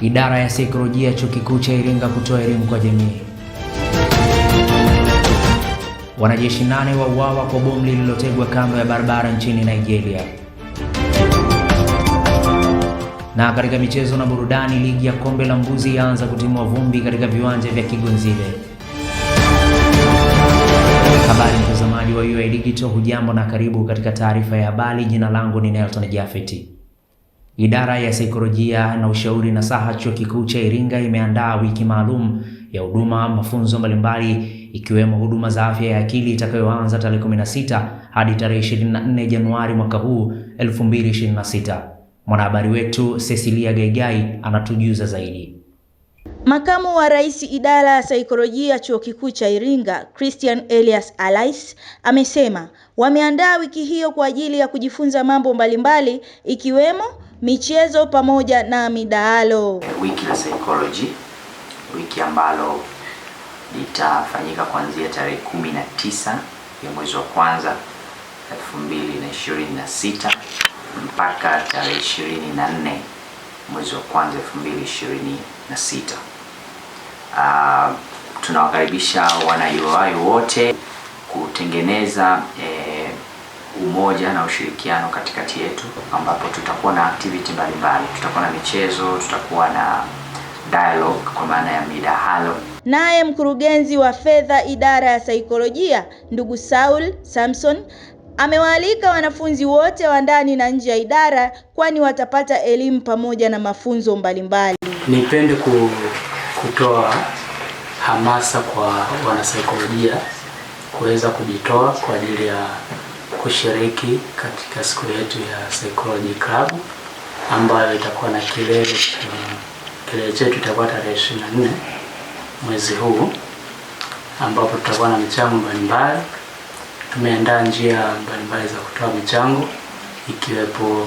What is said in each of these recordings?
idara ya saikolojia chuo kikuu cha Iringa kutoa elimu kwa jamii. Wanajeshi nane wauawa kwa bomu lililotegwa kando ya barabara nchini Nigeria. Na katika michezo na burudani, ligi ya kombe la mbuzi yaanza kutimua vumbi katika viwanja vya Kigonzile. Habari mtazamaji wa UoI Digital, hujambo na karibu katika taarifa ya habari. Jina langu ni Nelson Jafeti. Idara ya Saikolojia na Ushauri na saha Chuo Kikuu cha Iringa imeandaa wiki maalum ya huduma mafunzo mbalimbali ikiwemo huduma za afya ya akili itakayoanza tarehe 16 hadi tarehe 24 Januari mwaka huu 2026. Mwanahabari wetu Cecilia Gaigai anatujuza zaidi. Makamu wa Rais Idara ya Saikolojia Chuo Kikuu cha Iringa, Christian Elias Alais, amesema wameandaa wiki hiyo kwa ajili ya kujifunza mambo mbalimbali ikiwemo michezo pamoja na midahalo. Wiki la psychology, wiki ambalo litafanyika kuanzia tarehe na tisa ya mwezi wa kwanza sita mpaka tarehe 24 mwezi wa kwanza sita. Uh, tunawakaribisha wana UoI wote kutengeneza eh, umoja na ushirikiano katikati yetu, ambapo tutakuwa na activity mbalimbali, tutakuwa na michezo, tutakuwa na dialogue kwa maana ya midahalo. Naye mkurugenzi wa fedha idara ya saikolojia ndugu Saul Samson amewaalika wanafunzi wote wa ndani na nje ya idara, kwani watapata elimu pamoja na mafunzo mbalimbali. Nipende ku, kutoa hamasa kwa wanasaikolojia kuweza kujitoa kwa ajili ya kushiriki katika siku yetu ya Psychology Club ambayo itakuwa na kilele kilele chetu itakuwa tarehe ishirini na nne mwezi huu ambapo tutakuwa na michango mbalimbali. Tumeandaa njia mbalimbali za kutoa michango ikiwepo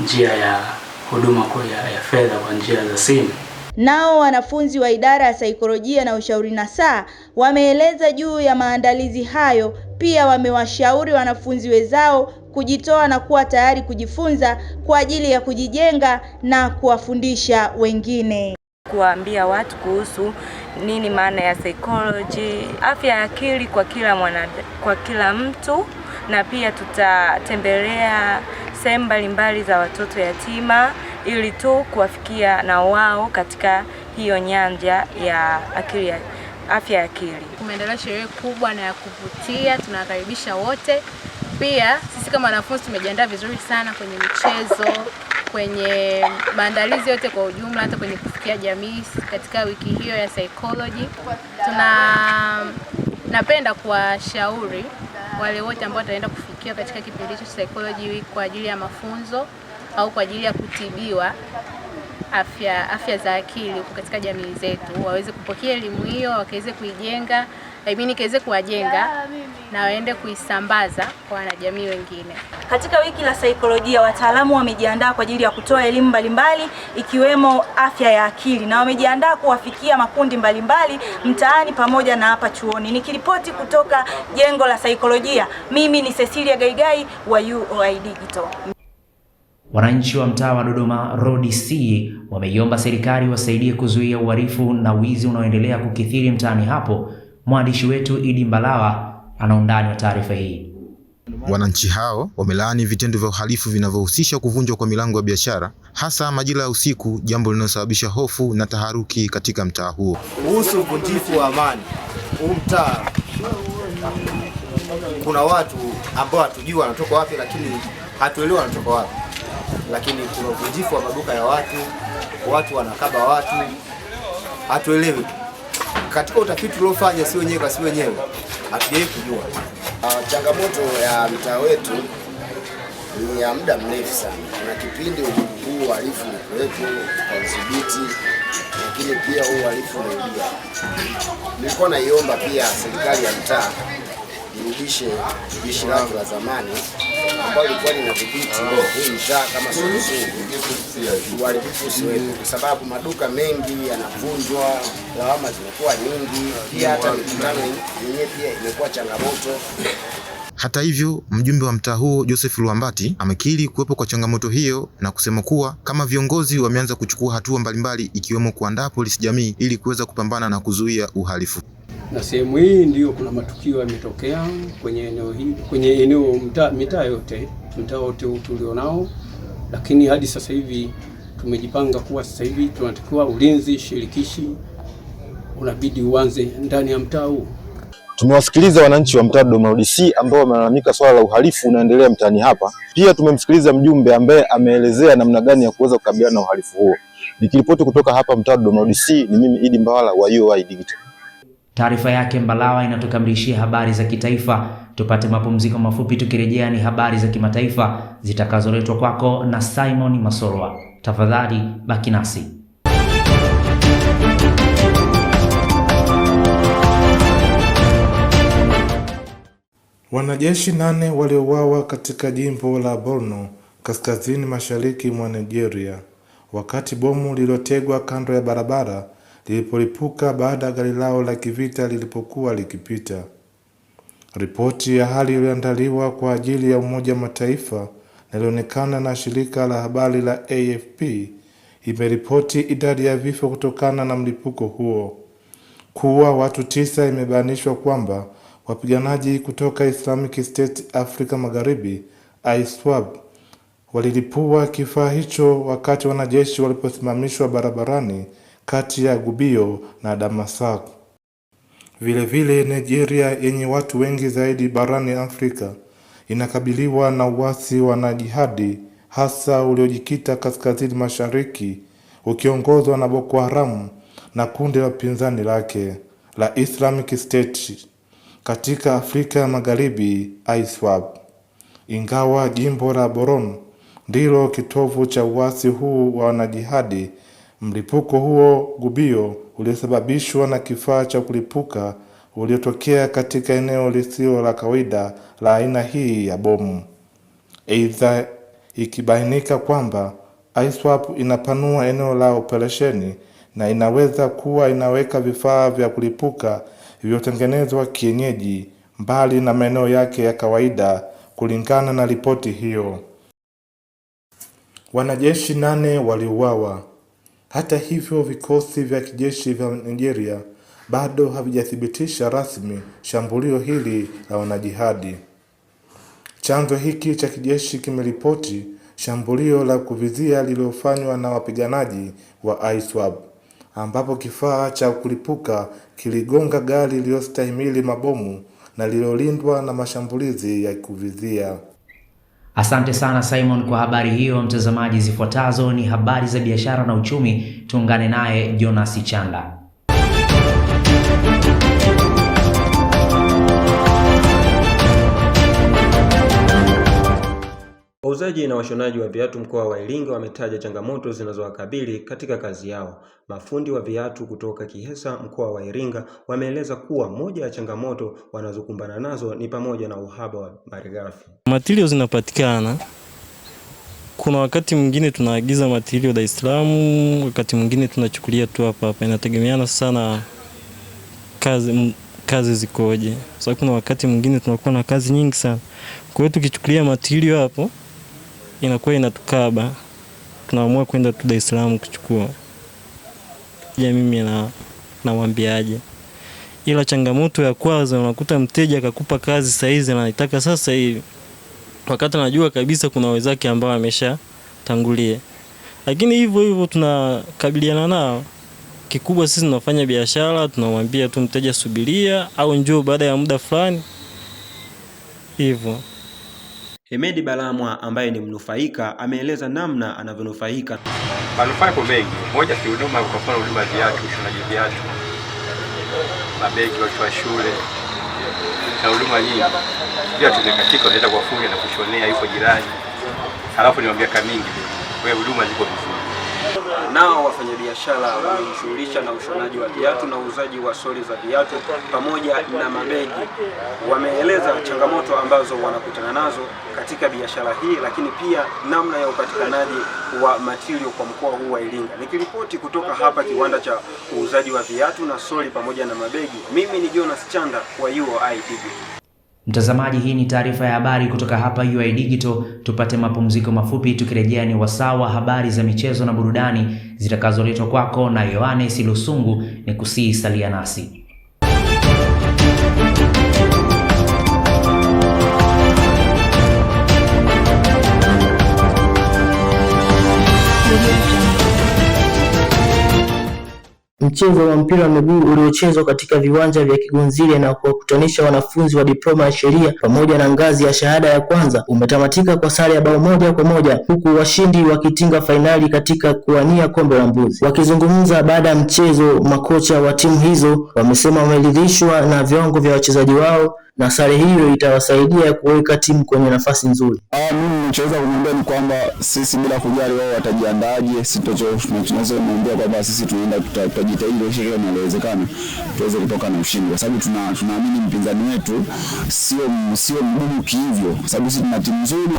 njia ya huduma ya, ya fedha kwa njia za simu. Nao wanafunzi wa idara ya saikolojia na ushauri nasaha wameeleza juu ya maandalizi hayo pia wamewashauri wanafunzi wenzao kujitoa na kuwa tayari kujifunza kwa ajili ya kujijenga na kuwafundisha wengine. Kuwaambia watu kuhusu nini maana ya psychology, afya ya akili kwa kila mwana, kwa kila mtu na pia tutatembelea sehemu mbalimbali za watoto yatima ili tu kuwafikia na wao katika hiyo nyanja ya akili ya afya ya akili. Tumeendelea sherehe kubwa na ya kuvutia, tunawakaribisha wote. Pia sisi kama wanafunzi tumejiandaa vizuri sana kwenye michezo, kwenye maandalizi yote kwa ujumla, hata kwenye kufikia jamii katika wiki hiyo ya psychology. Tuna napenda kuwashauri wale wote ambao wataenda kufikia katika kipindi hicho psychology week kwa ajili ya mafunzo au kwa ajili ya kutibiwa afya afya za akili huko katika jamii zetu, waweze kupokea elimu hiyo, wakaweze kuijenga I mean kuwajenga na waende kuisambaza kwa wanajamii wengine. Katika wiki la saikolojia, wataalamu wamejiandaa kwa ajili ya kutoa elimu mbalimbali ikiwemo afya ya akili na wamejiandaa kuwafikia makundi mbalimbali mtaani pamoja na hapa chuoni. Nikiripoti kutoka jengo la saikolojia, mimi ni Cecilia Gaigai wa UoI Digital. Wananchi wa mtaa wa Dodoma Road C wameiomba serikali wasaidie kuzuia uhalifu na wizi unaoendelea kukithiri mtaani hapo. Mwandishi wetu Idi Mbalawa ana undani wa taarifa hii. Wananchi hao wamelaani vitendo vya uhalifu vinavyohusisha kuvunjwa kwa milango ya biashara hasa majira ya usiku, jambo linalosababisha hofu na taharuki katika mtaa huo. Kuhusu uvunjifu wa amani huu mtaa, kuna watu ambao hatujui wanatoka wapi, lakini hatuelewi wanatoka wapi lakini kuna uvunjifu wa maduka ya watu, watu wanakaba watu, hatuelewi. Katika utafiti tuliofanya, si wenyewe kwa si wenyewe, hatujawahi kujua. Uh, changamoto ya mtaa wetu ni ya muda mrefu sana, na kipindi huu uhalifu ulikuwepo kwa udhibiti, lakini pia huu uhalifu unaingia. Nilikuwa naiomba pia serikali ya mtaa nirudishe jeshi langu la zamani ambalo lilikuwa linadhibiti hii mtaa kama Sungusungu, uharibifu usiwepo, kwa sababu maduka mengi yanavunjwa, lawama zimekuwa nyingi, pia hata mikutano yenyewe pia imekuwa changamoto. Hata hivyo mjumbe wa mtaa huo Joseph Luambati amekiri kuwepo kwa changamoto hiyo na kusema kuwa kama viongozi wameanza kuchukua hatua mbalimbali ikiwemo kuandaa polisi jamii ili kuweza kupambana na kuzuia uhalifu na sehemu hii ndiyo kuna matukio yametokea kwenye eneo hili, kwenye eneo mtaa mitaa yote mtaa wote nao, lakini hadi sasa hivi tumejipanga kuwa sasa hivi tunatakiwa ulinzi shirikishi unabidi uanze ndani ya mtaa huu. Tumewasikiliza wananchi wa mtaa Dodoma DC ambao wamelalamika swala la uhalifu unaendelea mtaani hapa. Pia tumemsikiliza mjumbe ambaye ameelezea namna gani ya kuweza kukabiliana na uhalifu huo. Nikiripoti kutoka hapa mtaa Dodoma DC, ni mimi Idi Mbawala wa UoI Digital. Taarifa yake Mbalawa inatukamilishia habari za kitaifa. Tupate mapumziko mafupi, tukirejea ni habari za kimataifa zitakazoletwa kwako na Simon Masorwa. Tafadhali baki nasi. Wanajeshi nane waliouawa katika jimbo la Borno kaskazini mashariki mwa Nigeria wakati bomu lililotegwa kando ya barabara lilipolipuka baada ya gari lao la kivita lilipokuwa likipita. Ripoti ya hali iliyoandaliwa kwa ajili ya Umoja wa Mataifa na ilionekana na shirika la habari la AFP imeripoti idadi ya vifo kutokana na mlipuko huo kuwa watu tisa. Imebainishwa kwamba wapiganaji kutoka Islamic State Afrika Magharibi ISWAP walilipua kifaa hicho wakati wanajeshi waliposimamishwa barabarani kati ya gubio na Vile Vilevile Nigeria yenye watu wengi zaidi barani Afrika inakabiliwa na uasi wa wanajihadi hasa uliojikita kaskazini mashariki ukiongozwa na Boko Haram na kundi la upinzani lake la Islamic State katika Afrika ya Magharibi, ISWAP. Ingawa jimbo la Borno ndilo kitovu cha uasi huu wa wanajihadi Mlipuko huo gubio uliosababishwa na kifaa cha kulipuka uliotokea katika eneo lisilo la kawaida la aina hii ya bomu. Aidha, ikibainika kwamba ISWAP inapanua eneo la operesheni na inaweza kuwa inaweka vifaa vya kulipuka vilivyotengenezwa kienyeji mbali na maeneo yake ya kawaida, kulingana na ripoti hiyo. Wanajeshi nane waliuawa hata hivyo, vikosi vya kijeshi vya Nigeria bado havijathibitisha rasmi shambulio hili la wanajihadi. Chanzo hiki cha kijeshi kimeripoti shambulio la kuvizia lililofanywa na wapiganaji wa ISWAP ambapo kifaa cha kulipuka kiligonga gari lililostahimili mabomu na lililolindwa na mashambulizi ya kuvizia. Asante sana Simon kwa habari hiyo. Mtazamaji, zifuatazo ni habari za biashara na uchumi. Tuungane naye Jonas Chanda. Wauzaji na washonaji wa viatu mkoa wa Iringa wametaja changamoto zinazowakabili katika kazi yao. Mafundi wa viatu kutoka Kihesa mkoa wa Iringa wameeleza kuwa moja ya changamoto wanazokumbana nazo ni pamoja na uhaba wa malighafi. Matirio zinapatikana, kuna wakati mwingine tunaagiza matirio Dar es Salaam, wakati mwingine tunachukulia tu hapa hapa, inategemeana sana kazi kazi zikoje, kwa sababu kuna wakati mwingine tunakuwa na kazi nyingi sana, kwa hiyo tukichukulia matirio hapo inakuwa inatukaba, tunaamua kwenda tu Dar es Salaam kuchukua. Ya mimi na namwambiaje? Ila changamoto ya kwanza unakuta mteja akakupa kazi saizi na anataka sasa hivi, wakati anajua kabisa kuna wenzake ambao tangulie. lakini hivyo hivyo tunakabiliana nao. Kikubwa sisi tunafanya biashara, tunamwambia tu mteja subiria, au njoo baada ya muda fulani hivyo. Hemedi Balamwa ambaye ni mnufaika ameeleza namna anavyonufaika. Manufaa yapo mengi, moja kihuduma, kwa mfano huduma viatu, ushonaji viatu, mabegi watu wa shule na huduma nyingi. pia. tumekatika unaweza kuwafunga na kushonea, yuko jirani, halafu ni miaka mingi, kwa hiyo huduma ziko vizuri nao wafanyabiashara wanaojishughulisha na ushonaji wa viatu na uuzaji wa soli za viatu pamoja na mabegi wameeleza changamoto ambazo wanakutana nazo katika biashara hii, lakini pia namna ya upatikanaji wa matirio kwa mkoa huu wa Iringa. Nikiripoti kutoka hapa kiwanda cha uuzaji wa viatu na soli pamoja na mabegi, mimi ni Jonas Chanda wa UoI TV. Mtazamaji, hii ni taarifa ya habari kutoka hapa UoI Digital. Tupate mapumziko mafupi, tukirejea ni wasawa habari za michezo na burudani zitakazoletwa kwako na Yohanes Lusungu. Ni kusihi salia nasi. Mchezo wa mpira wa miguu uliochezwa katika viwanja vya Kigonzile na kuwakutanisha wanafunzi wa diploma ya sheria pamoja na ngazi ya shahada ya kwanza umetamatika kwa sare ya bao moja kwa moja huku washindi wakitinga fainali katika kuwania kombe la mbuzi. Wakizungumza baada ya mchezo, makocha wa timu hizo wamesema wameridhishwa na viwango vya wachezaji wao na sare hiyo itawasaidia kuweka timu kwenye nafasi nzuri. Ah, mimi nachoweza kumwambia ni kwamba sisi bila kujali wao watajiandaje, sisi tunachoweza kumwambia kwamba sisi tunaenda tujitahidi kuhakikisha kila linalowezekana tuweze kutoka na ushindi, kwa sababu tuna tunaamini mpinzani wetu sio sio mgumu kihivyo, kwa sababu sisi tuna timu nzuri.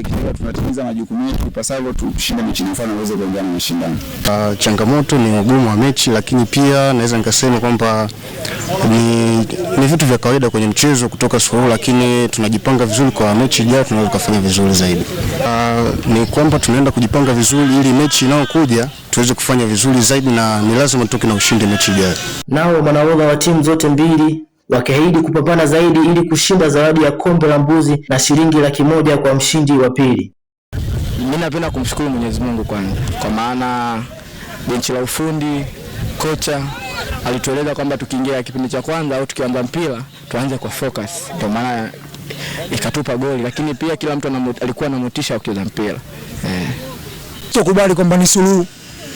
Ikiwa tunatimiza majukumu yetu ipasavyo, tushinde mechi na na uweze kuendelea na mashindano. Uh, changamoto ni ugumu wa mechi, lakini pia naweza nikasema kwamba ni, ni vitu vya kawaida kwenye mchezo kutoka siku lakini tunajipanga vizuri kwa mechi ijayo, tunaweza kufanya vizuri zaidi. Uh, ni kwamba tunaenda kujipanga vizuri ili mechi inayokuja tuweze kufanya vizuri zaidi, na ni lazima tutoke na ushindi mechi ijayo. Nao manahodha wa timu zote mbili wakiahidi kupambana zaidi ili kushinda zawadi ya kombe la mbuzi na shilingi laki moja kwa mshindi wa pili. Mimi napenda kumshukuru Mwenyezi Mungu kwanza, kwa maana benchi la ufundi, kocha alitueleza kwamba tukiingia kipindi cha kwanza au tukianza mpira tuanze kwa focus, kwa maana ikatupa goli, lakini pia kila mtu alikuwa na motisha wa kucheza mpira eh. Tukubali kwamba ni suluhu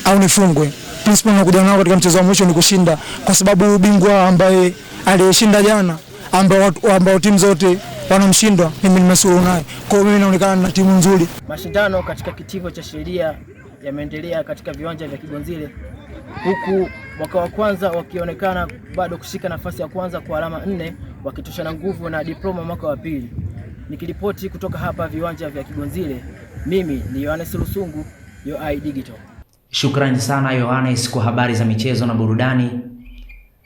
au nifungwe. Principle nakuja nao katika mchezo wa mwisho ni kushinda, kwa sababu ubingwa ambaye aliyeshinda jana ambao ambao timu zote wanamshindwa, mimi nimesuru naye. Kwa hiyo mimi naonekana na timu nzuri. Mashindano katika kitivo cha sheria yameendelea katika viwanja vya Kigonzile huku mwaka wa kwanza wakionekana bado kushika nafasi ya kwanza kwa alama nne wakitoshana nguvu na diploma mwaka wa pili. Nikiripoti kutoka hapa viwanja vya Kigonzile, mimi ni Yohanes Lusungu, UoI Digital. Shukrani sana Yohanes kwa habari za michezo na burudani.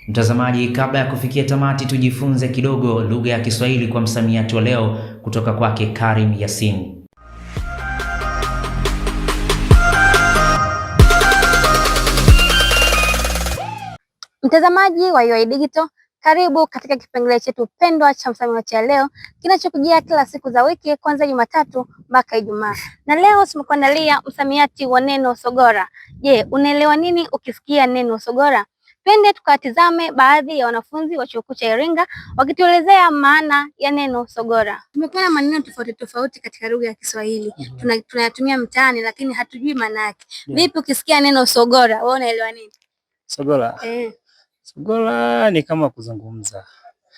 Mtazamaji, kabla ya kufikia tamati, tujifunze kidogo lugha ya Kiswahili kwa msamiati wa leo kutoka kwake Karim Yasin. Mtazamaji wa UoI Digital, karibu katika kipengele chetu pendwa cha msamiati cha leo kinachokujia kila siku za wiki kuanzia Jumatatu mpaka Ijumaa. Na leo tumekuandalia msamiati wa neno sogora. Je, unaelewa nini ukisikia neno sogora? Twende tukatizame baadhi ya wanafunzi wa Chuo Kikuu cha Iringa wakituelezea maana ya neno sogora. Tumekuwa na maneno tofauti tofauti katika lugha ya Kiswahili -hmm. tunayatumia mtaani lakini hatujui maana yake. Vipi ukisikia neno sogora, wewe unaelewa nini? Sogora. Eh. Sugula ni kama kuzungumza,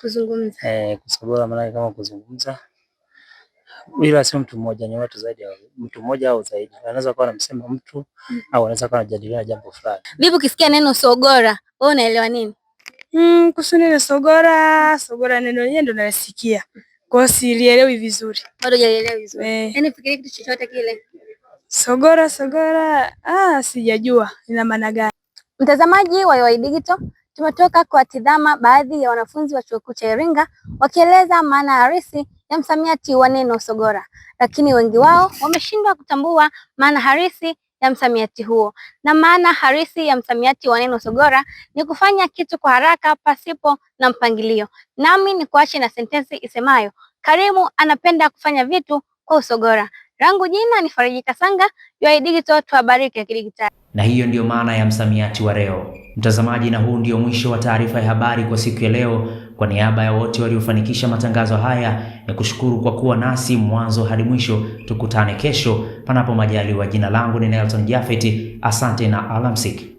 kuzungumza. Eh, kusogola maana kama kuzungumza, ila sio mtu mmoja, ni watu zaidi ya mtu mmoja au zaidi. Anaweza kuwa anamsema mtu mm, au anaweza kuwa anajadiliana jambo fulani. Vipi ukisikia neno sogora, wewe unaelewa nini? Mm, kuhusu neno sogora, sogora neno lenyewe ndo nalisikia. Kwa hiyo silielewi vizuri. Bado hajaelewa vizuri. Eh. Yaani fikiria kitu chochote kile. Sogora, sogora, ah, sijajua ina maana gani. Mtazamaji wa UoI Digital tumetoka kuwatizama baadhi ya wanafunzi wa Chuo Kikuu cha Iringa wakieleza maana halisi ya msamiati wa neno sogora, lakini wengi wao wameshindwa kutambua maana halisi ya msamiati huo. Na maana halisi ya msamiati wa neno sogora ni kufanya kitu kwa haraka pasipo na mpangilio. Nami ni kuache na sentensi isemayo, Karimu anapenda kufanya vitu kwa usogora. Langu jina ni Fariji Kasanga, UoI Digital, tuhabariki ya kidigitali. Na hiyo ndiyo maana ya msamiati wa leo, mtazamaji, na huu ndio mwisho wa taarifa ya habari kwa siku ya leo. Kwa niaba ya wote waliofanikisha matangazo haya, ni kushukuru kwa kuwa nasi mwanzo hadi mwisho. Tukutane kesho, panapo majaliwa. Jina langu ni Nelson Jafeti, asante na alamsiki.